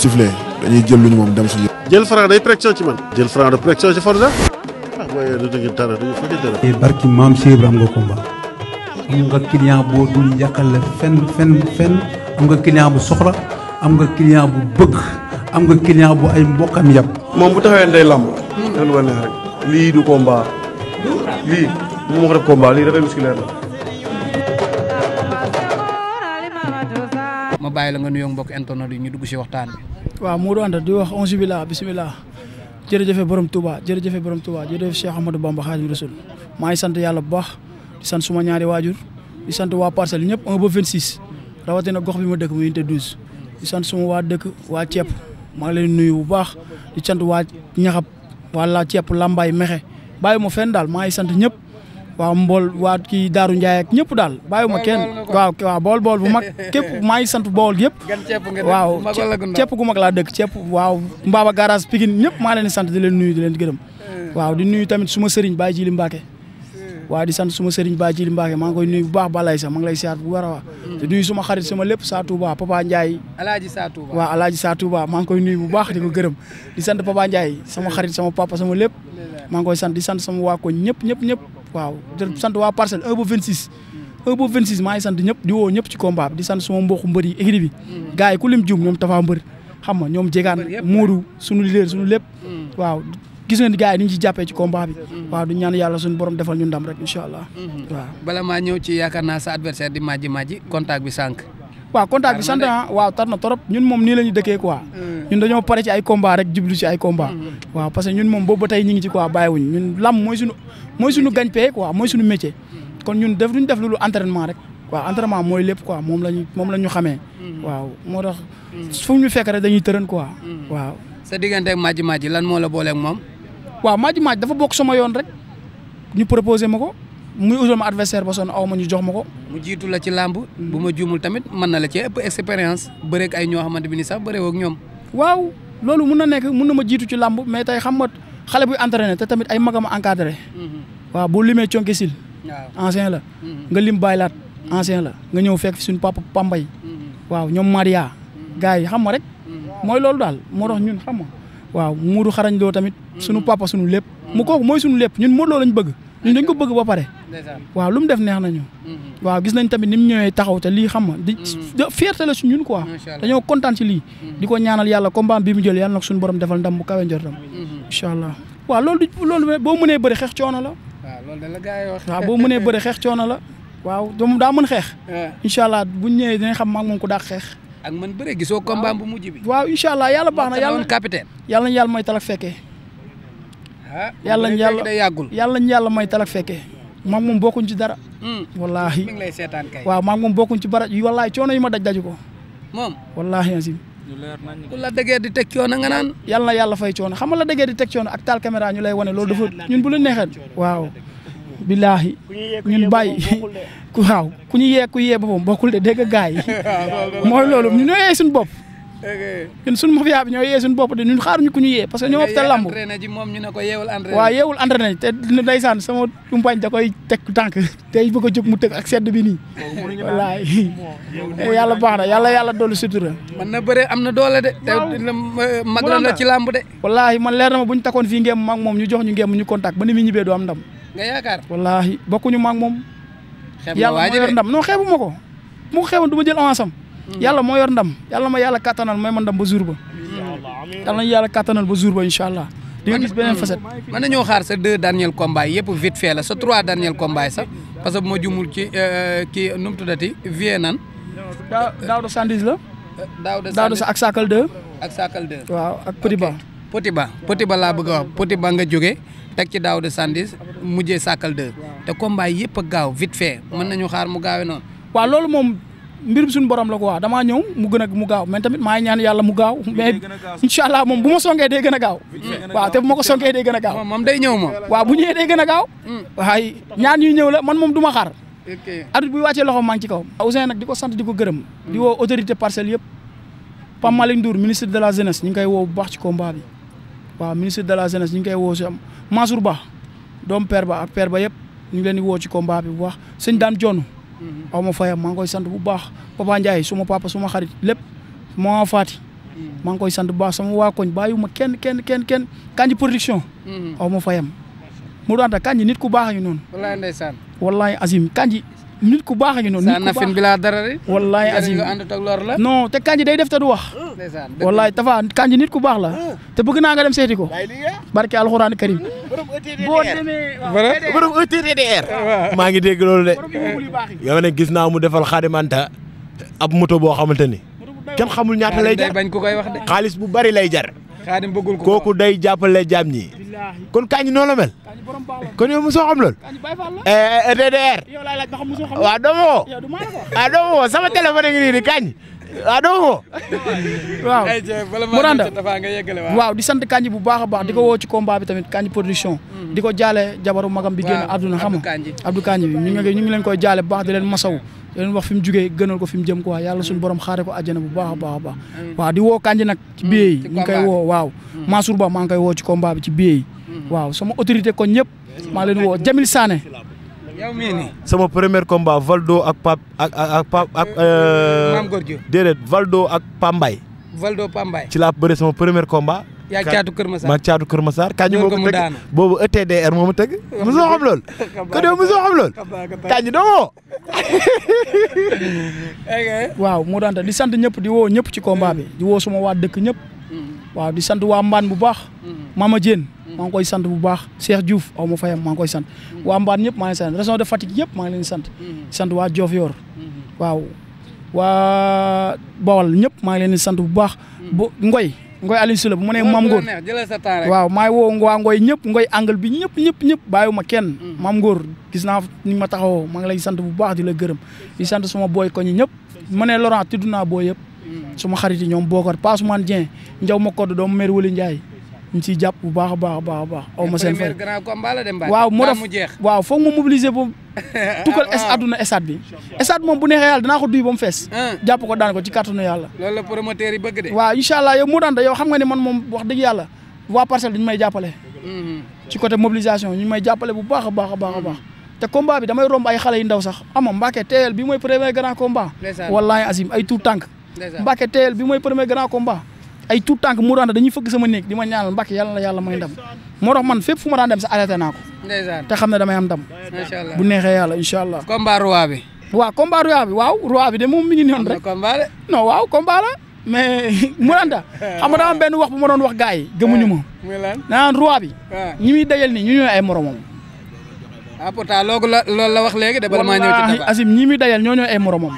sifflé dañuy jël lu ñu moom dem suñu. jël franc day pression ci man. jël franc de pression ci Forza. ah mooy lu dëgg dara du fa dara. Eh, barki maam Cheikh Ibrahima am nga combat. boo dul yàqal fenn fenn fenn am nga client bu soxla am nga client bu bëgg am nga client bu ay mbokkam yàpp. moom bu taxawee day lamb. lii du combat. lii mu wax rek combat lii dafay musculaire la. ma bàyyi la nga nuyoo mbokk internet yi ñu dugg si waxtaan bi. waaw Modou Anta di wax onze billah bisimilah jërëjëf borom Touba jërëjëf borom Touba jërëjëf Cheikh Ahmadou Bamba Khadim Rasoul maa ngi sant yàlla bu baax di sant suma ñaari waajur waa ba 26 rawatina gox bi ma dëkk waa dëkk waa ceeb bu baax di waa ñaxab wala ceeb lambaay mexe bàyyi ma fenn daal maa ngi ñëpp waaw mbool waa ki Daaru Ndiaye ak ñëpp daal bàyyiwuma kenn waaw waaw bool bool bu mag képp maa ngi sant bool yëpp waaw ceeb gu mag laa dëkk ceeb waa Mbaba garage Pikine ñëpp maa leen di sant di leen nuyu di leen gërëm eh. waaw di nuyu tamit suma sëriñ baa Jili Mbacke eh. waaw di sant suma sëriñ Baye Jili Mbacke maa ngi koy nuyu bu baax balay sax maa lay siyaat bu war a wax mm. di nuyu suma xarit sama lépp Sa Touba Papa Ndiaye Alaaji Sa Touba waaw maa ngi koy nuyu bu baax di ko gërëm di sant Papa Ndiaye sama eh. xarit sama papa sama lépp koy sant di sant sama ñëpp ñëpp ñëpp waaw di sant waa parcelle 1 ba 26. 1 ba 26 maa ngi sant ñëpp di woo ñëpp ci combat bi di sant suma mbokku mbër yi équipe bi. gars yi juum ñoom Tafa mbër xam nga ñoom Jegaan Moodu suñu leader suñu lépp. Mm. waaw gis ngeen gars yi ni ñu ci jàppee ci combat bi. Mm. waaw du ñaan yàlla suñu borom defal ñu ndam rek incha allah. Mm-hmm. waaw bala maa ñëw ci yaakaar naa sa adversaire di Madji Madji contact bi sànq. waaw contact bi sant ah waaw tar na trop ñun moom nii la ñu dëkkee quoi mm. ñun dañoo pare ci ay combat rek jublu ci ay combat mm-hmm. waaw parce que ñun moom boobu ba tey ñu ngi ci quoi bàyyiwuñ ñun lam mooy suñu mooy suñu gagne-pain quoi mooy suñu métier kon ñun def lu duñ def lu entraînement rek waaw entraînement mooy lépp quoi moom lañu moom la ñu xamee mm-hmm. waaw moo tax mm-hmm. fu ñu fekk rek dañuy tërën quoi waaw sa diggante maaj Madji Madji lan moo la booleeg moom waaw maaj Madji dafa bokk sama yoon rek ñu proposé ma ko muy utal ma adversaire ba sonn aw ma ñu jox ma ko. mu jiitu la ci làmb. bu ma juumul tamit mën na la ci ëpp expérience bëreeg ay ñoo xamante bi ni sax bëreewoo ak ñoom. waaw loolu mun na nekk mun na ma jiitu ci làmb mais tey xam nga xale buy entraîné te tamit ay magam a mhm. waaw boo limee conke sil waaw la. Mhm. nga lim baylaat ancien la nga ñëw fekk fi suñu papa Pambay. Mhm. waaw ñoom Maria. gars yi xam ma rek. mooy loolu daal moo tax ñun xam nga waaw Modou xarañ loo tamit mm-hmm. sunu papa sunu lépp mu kooku mooy sunu lépp ñun Modou Lo ñu bëgg ñun dañ ko bëgg ba pare waaw lu mu def neex na nañu mm-hmm. waaw gis nañ tamit ni mu ñëwee taxaw te lii xam nga di mm-hmm. fierté la su ñun ko quoi dañoo kontaan ci lii di ko ñaanal yàlla combat bi mu jël yàlla nag suñu borom defal ndam bu kawe njortam incha allah waaw loolu du loolu boo mënee bëri xeex coono la waaw boo mënee bëri xeex coono la waaw daa mën xeex eh. incha allah buñ ñëwee dinañ xam maa moom ko dàq xeex ak man bëre gisoo combat bu mujj waaw incha allah yàlla baax na yàlla woon capitaine. yàlla nañu yàlla may talak fekkee. ah yàlla nañu yàlla day yàggul yàlla yàlla may talak fekkee. maag moom bokkuñ ci dara. Hmm. wallaahi mi ngi lay seetaan kay. waaw maag moom bokkuñ ci bara wallaahi coono yi ma daj daju ko. moom wallaahi asim. ku la dëggee di teg coono nga naan. yàlla na yàlla fay coono xam nga la dëggee di teg coono ak taal caméra lay wane loolu dafa ñun bu la waaw. billaahi ñun bàyyi ku waaw ku ñu yee ku yee boppam bokkul de dégg gaay yi ah, mooy loolu ñu ñoo yee suñu bopp ñun suñu mafia bi ñoo yee suñu bopp de ñun xaaruñu ku ñu yee parce que ñoo ëpp te lamb waaw yeewul entraîné te ndeysaan sama umpañ da koy teg tànk tey bëgg mu tëg ak sedd bi nii wallaay yàlla baax na yàlla yàlla dolli sutura mën na bëre am na doole de te mag la ci lamb de wallaahi man leer na ma bu ñu takkoon fii ngeem mag moom ñu jox ñu ngeem ñu contact ba ni mi ñibbee du ndam nga yaakaar wallaahi bokkuñu maag moom yàlla moo yor ndam non xeebu ma ko mu ko du ma jël avance am hmm. yàlla moo yor ndam yàlla ma yàlla kattanal may ma ndam ba jour ba yàlla nañu yàlla kattanal ba jour ba incha allah di nga gis beneen facette mën nañoo xaar sa deux derniers combats yëpp vite fait la sa trois derniers combats sax parce que bu ma jumul ci euh, euh, kii nu mu tuddati vie nan daaw daaw da sandis la daaw da ak saakal deux ak saakal deux waaw ak petit ba Poti Ba Poti Ba laa bëgg a Ba nga jóge teg ci daaw de sandis mujjee sàkkal deux te combat yëpp a gaaw vite fait mën nañu xaar mu gaawee noonu. waaw loolu moom mbirum suñu borom la ko wax damaa ñëw mu gën a mu gaaw mais tamit maa ñaan yàlla mu gaaw mais incha allah moom bu ma songee day gën a gaaw. waaw ma ko songee a gaaw. moom day ñëw moom. waaw bu ñëwee day gën a gaaw. Hmm. waaye ñaan ñu ñëw la man moom du ma xaar. arbitre bu wàccee loxo maa ngi ci kaw. Ousseyn nag di ko sant di ko gërëm. di hmm. woo autorité parcelle yëpp Pape Malick ministre de la jeunesse ñu ngi koy woo bu baax ci waaw ministre de la jeunesse ñu ngi koy woo si am Mansour Ba doom père ba ak père ba yëpp ñu leen di woo ci combat bi bu baax sëñ Dame Dione mhm. aw ma fayam maa ngi koy sant bu baax Papa Ndiaye suma papa suma xarit lépp moo faati mhm. maa ngi koy sant bu baax sama waa koñ bàyyiwuma kenn kenn kenn kenn kanji production mhm. aw ma fayam mu doon ta kanji nit ku baax ñu noonu wallahi ndeysaan kanji nit ku baax a ngi noonu. nit ku baax saa nafin bi laa dara de. wallaahi azim nga ànd non te kanji day def te du wax. ndeysaan dëgg wallaahi tafa kanji nit ku baax la. Hmm. te bëgg naa nga dem seeti ko. barke alxuraan karim. E boo demee waaw borom ETDR. E maa ngi dégg gis naa mu defal xaadimanta ab moto boo xamante ni. xamul ñaata lay jar bañ ku wax de. xaalis bu bari lay jar. xaadim bëggul kooku day jàppale jam ñi kon kañ noonu la mel kon yow mosoo xam lool eh, eh, eh, DDR waaw doomu woo waaw ah, doomu woo sama téléphone ngi nii ah doo woo waaw Mouranda waaw di sant Kandji bu baax a baax di ko woo ci combat bi tamit Kandji production mm. di ko jaale jabaru magam bi génn àdduna xam nga Abdou Kandji bi ñu ngi ñu ngi leen koy jaale baax di leen masaw di leen wax fi mu jugee gënal ko fi mu jëm quoi yàlla suñu mm. borom xaare ko àjjana bu baax a baax a baax mm. waaw di woo kanj nag ci billet yi ñu ngi koy woo waaw Mansour Ba maa ngi koy woo ci combat bi ci billet yi waaw sama autorité ko ñëpp maa leen woo Jamil Sané yow mii nii sama premier combat Valdo ak Pape ak ak Pape ak. Euh, Maam Góor Diop déedéet Valdo ci laa bëre sama premier combat. yaa caatu Kër Masar maa boobu e tëgg boobu ETDR moo ma tëgg. mosoo xam lool. kon yow mosoo waaw moo daan di sant ñëpp di woo ñëpp ci komba bi. di woo suma waa dëkk ñëpp. Mm. waaw di sant waa Mbaan bu baax. Mm. Mama Diène. maa ngi sant bu baax Cheikh Diouf aw ma fayam maa ngi koy sant mm-hmm. waa Mbaan ñëpp maa ngi sant région de sant mm-hmm. sant waa Diofior mm-hmm. waaw waa ñëpp maa ngi leen sant bu baax bu Ngoy Ngoy Aliou Sylla bu mu nee Mam Ngor waaw maa ngi woo waa kenn Mam Ngor gis naa ni ma taxawoo maa ngi lay sant bu baax di la gërëm di sant suma booy koñi ñëpp mu ne Laurent tudd naa booy xarit ñoom Bokar Passoumane Dieng Ndiaw ma kodd doomu maire Wali Ndiaye ñu jàpp bu baax a baax a baax a baax aw ma seen fay waaw moo def waaw foog ma mobiliser boobu tukkal es ah, ah. moom bu neexee yàlla danaa ko duy ba mu fees ah. jàpp ko daan ko ci kàttanu yàlla la promoteur yi bëgg de waaw incha allah yow moo daan da yow ne man moom wax dëgg yàlla waa parcelle duñu may jàppale mm-hmm. ci côté mobilisation ñu may jàppale bu baax a baax a baax a baax mm-hmm. te combat bi damay romb ay xale yu ndaw sax ama Mbacké teel bi mooy premier grand combat wallahi azim ay tout tànk bi mooy premier grand combat ay tout tànk mu doon dañuy fëgg sama néeg di ma ñaanal mbàkk yàlla na yàlla may ndam moo man fépp fu ma daan dem naa ko. te xam ne damay am ndam. macha allah bu neexee yàlla incha allah. combat roi bi. waaw combat bi waaw roi de moom mi ngi noonu rek. non waaw combat la. mais Mouranda xam nga dama benn wax bu ma doon wax gars yi gëmuñu ma. Eh, muy lan naan roi bi. Eh. ñi muy dajal nii ñu ñooy ay moromam. ah pourtant la loolu la wax léegi de bala maa ñi muy dajal ñoo ay moromam.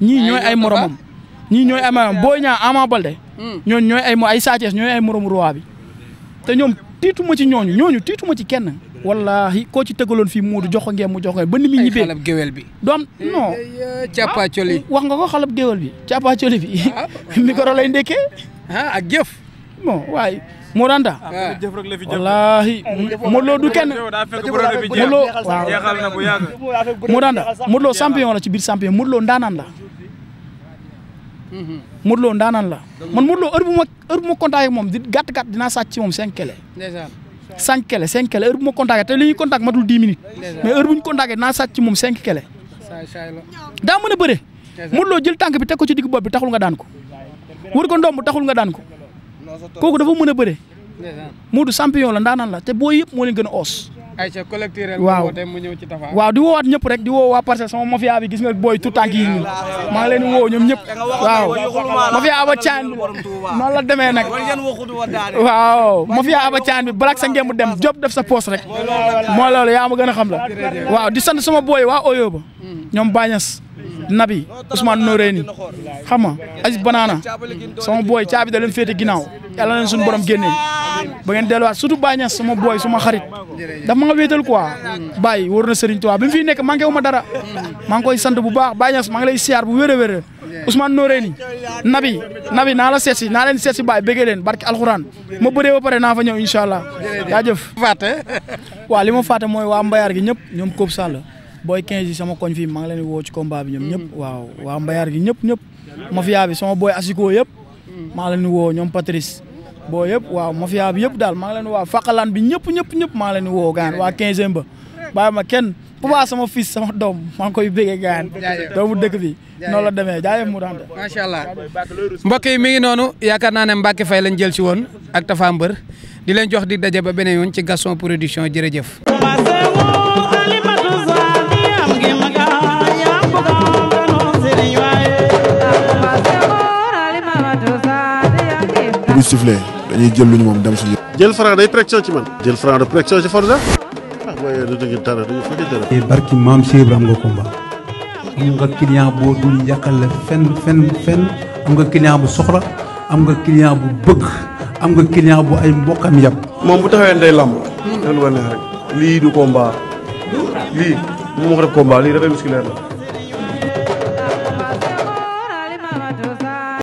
ñii ñooy ay moromam. ñii ñooy ama Boy ñaa Ama Baldé hmm. ñooñu ñooy ay ay Sa Thiès ñooy ay moromu roi bi te ñoom tiitu ma ci ñooñu ñooñu tiitu ma ci kenn wallahi koo ci tëggaloon fii Moodu jox ko ngeen mu jox ko ba mi mu ñibbee xalab géwél bi doom eh, non eh, eh, càppaacoli ah, wax nga ko xalab géwél bi càppaacoli bi ah. micro lay ndekkee ah ak jëf waaye moo daan daa wallaahi ah, Modou Lo du kenn Modou Lo waaw moo daan daa Modou Lo champion ci biir champion Modou Lo ndaanaan la Mm-hmm. Modou Lo ndaanaan la man Modou Lo heure bu ma heure bu moom di gàtt gàtt dinaa sàcc ci moom cinq kele cinq kele cinq kele heure ma contacté te li ñuy contact matul dix minutes mais heure bu ñu contacté dinaa sàcc ci moom cinq kele daa mën a bëre Modou loo jël tànk bi teg ko ci digg bopp bi taxul nga daan ko wër ko ndomb taxul nga daan ko kooku dafa mën a bëre Modou champion la ndaanaan la te boo yëpp moo leen gën a oos Aïcha collecteur waaw mu ñëw ci Tapha waaw di woowaat ñëpp rek di woo waa parcelle sama mafia bi gis nga booy tout tànk yi ñu maa ngi leen di woo ñoom ñëpp waaw mafia aba caan bi noonu la demee nag waaw mafia aba caan bi balak sa ngemb dem job def sa poos rek moo loolu yaa ma gën a xam la waaw di sant sama booy waa Oyo ba ñoom Bañas Nabi Ousmane Noreyni xam nga Aziz Banana sama booy caabi da leen féete ginnaaw yàlla leen ba ngeen delluwaat surtout Bañas nga wéetal quoi Baye wóor na Serigne Touba bi mu fi nekk mange wu ma dara maa ngi koy sant bu baax Baye Niass maa ngi lay siyaar bu wér a wér Ousmane Noreyni nabi nabi naa la seet si naa leen seet si Baye bëggee leen barki alxuraan ma bëree ba pare naa fa ñëw incha allah jaajëf fàtte waa li ma fàtte mooy waa mbayaar gi ñëpp ñoom Koob Sall booy 15 sama koñ fii maa ngi leen woo ci combat bi ñoom ñëpp waaw waa mbayaar gi ñëpp ñëpp mafia bi sama booy asikoo yëpp maa la leen woo ñoom Patrice boo yëpp waaw mafia bi yëpp daal maa ngi leen waaw faqalaan bi ñëpp ñëpp ñëpp maa ngi leen di woo gaan waa quinzième ba bàyyi ma kenn Papa sama fils sama doom maa koy béggee gaan doomu dëkk bi noonu la demee jaayëf mu daan macha allah mbokk yi mi ngi noonu yaakaar naa ne Mbacke Faye lañ jël si woon ak Tapha Mbeur di leen jox di daje ba beneen yoon ci Gaston Production jërëjëf bi sifflé dañuy jël lu ñu moom dem suñu. jël Franc day pression ci man. jël Franc de pression ci Forza. ah mooy lu dëgg dara du fa dara. Eh, barki maam Cheikh Ibrahima am nga combat am nga client boo dul yàqal fenn fenn fenn am nga client bu soxla am nga client bu bëgg am nga client bu ay mbokkam yàpp. moom bu taxawee day lamb. lii du combat lii mu ma ko def combat lii dafay musculaire la.